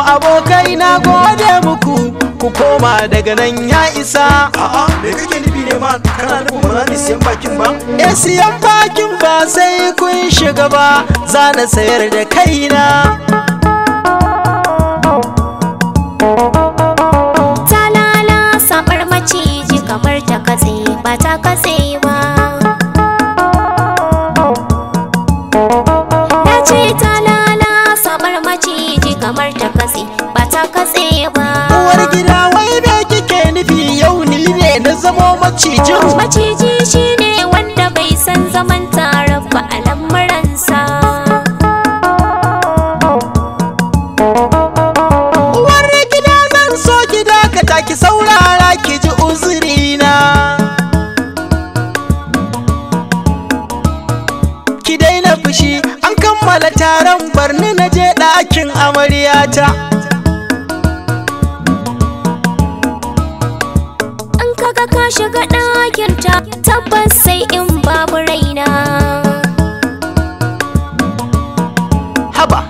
abokai na gode muku ku koma daga nan ya isa a'a me kake nufi ne ma kana nufin ba za ni siyan bakin ba eh siyan bakin ba sai kun shiga ba za na sayar da kaina maciji shine wanda bai san zaman tare ba a lamuransa uwar gida zan so ki dakata ki saurara ki ji uzurina ki daina fushi an kammala taron barni na je ɗakin amaryata ka shiga ɗakinta tabbas sai in babu raina haba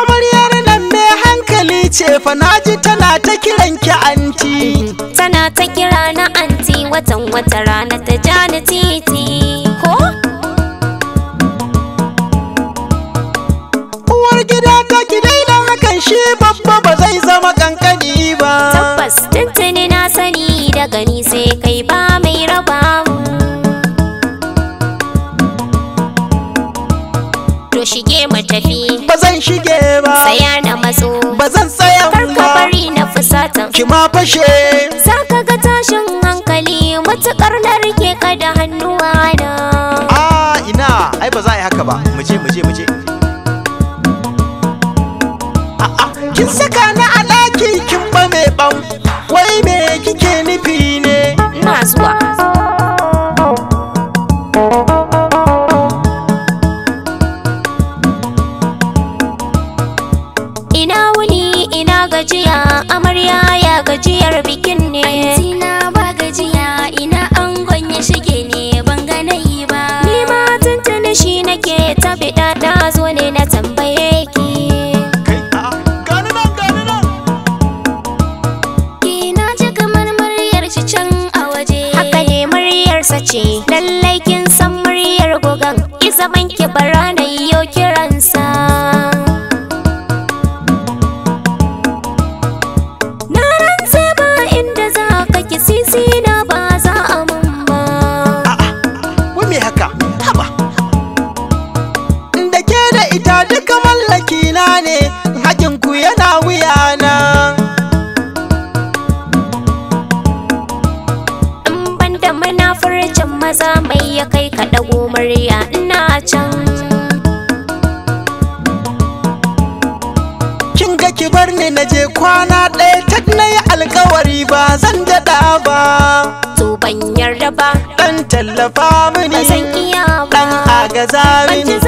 amaryar nan mai hankali ce fa naji tana ta kiran ki anti tana ta kira na anti watan wata rana ta ja ni titi ko uwar gida ta ki daina hakan shi babba ba zai zama kankani ba tabbas tuntuni na sani daga ni sai kai ba mai raba mu to shige mu tafi ba zan shige ba saya na matso ba zan tsaya ba ka bari na fusata ki ma fashe zaka ga tashin hankali matukar na rike ka da hannuwa na a ina ai ba za a yi haka ba mu je mu je mu je kin saka na alaki kin ba mai bam gajiya amarya ya gajiyar bikin ne na ba gajiya ina angon ya shige ne ban yi ba ni ma tuntuni shi nake ta fida ta zo ne na tambaye ki Kina ji kamar muryar shi can a waje haka ne muryar ce lallai kin san muryar gogan ki zaman ki barana duka mallaki na ne hakinku yana wuya na in ban da maza mai ya kai ka dago murya ina can kin ga ki bar ni na je kwana ɗaya tak na yi alkawari ba zan daɗa ba to ban yarda ba dan tallafa mini ba zan iya ba agaza mini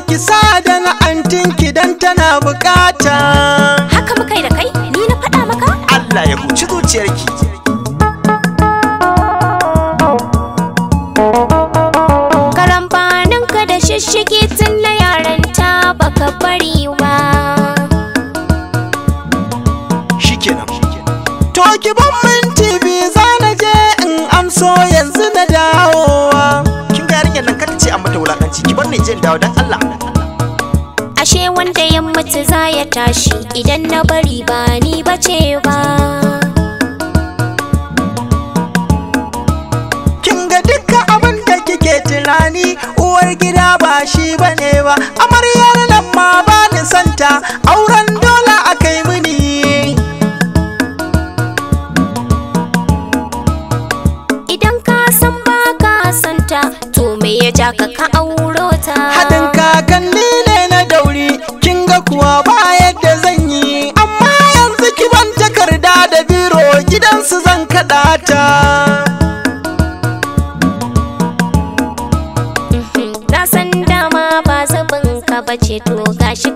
ki sa da na antinki dan tana bukata haka muka kai da kai ni na faɗa maka Allah ya huci zuciyarki karambaninka da shishigi tun na ta baka bari ba shikenan to ki ban minti biyu za na je in amso yanzu na dawo jin dawo Allah ashe wanda ya mutu za ya tashi idan na bari ba ni bace ba kin ga dukkan abin da kike tunani uwar gida ba shi bane ba amaryar nan ma ba ni santa auren dole akai mini idan ka san ba ka santa to me ya ja ka ka aure haɗin kakanni ne na dauri kin ga kuwa ba yadda zan yi amma yanzu kiban takarda da biro gidansu zan kaɗa ta na san dama ba zabin ka bace to gashi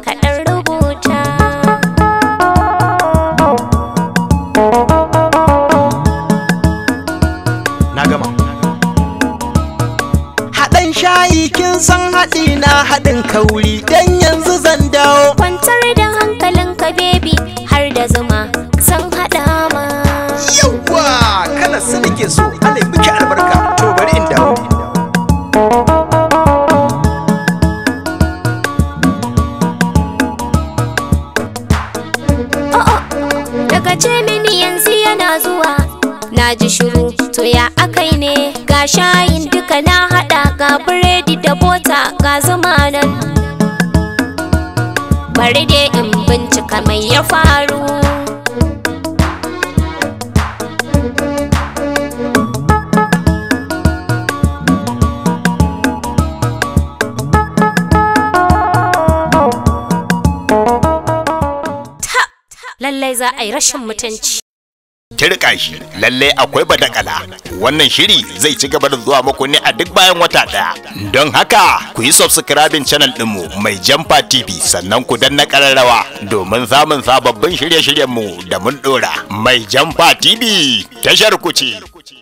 ji shuru to ya akai ne ga shayin duka na hada ga biredi da bota ga zuma nan bari dai in bincika mai ya faru lallai za a yi rashin mutunci tirka shi lalle akwai badakala wannan shiri zai ci gaba da zuwa muku ne a duk bayan wata daya don haka ku yi subscribing channel dinmu mai jamfa tv sannan ku danna kararrawa domin samun sababbin shirye-shiryenmu da mun dora mai jamfa tv tashar ku ce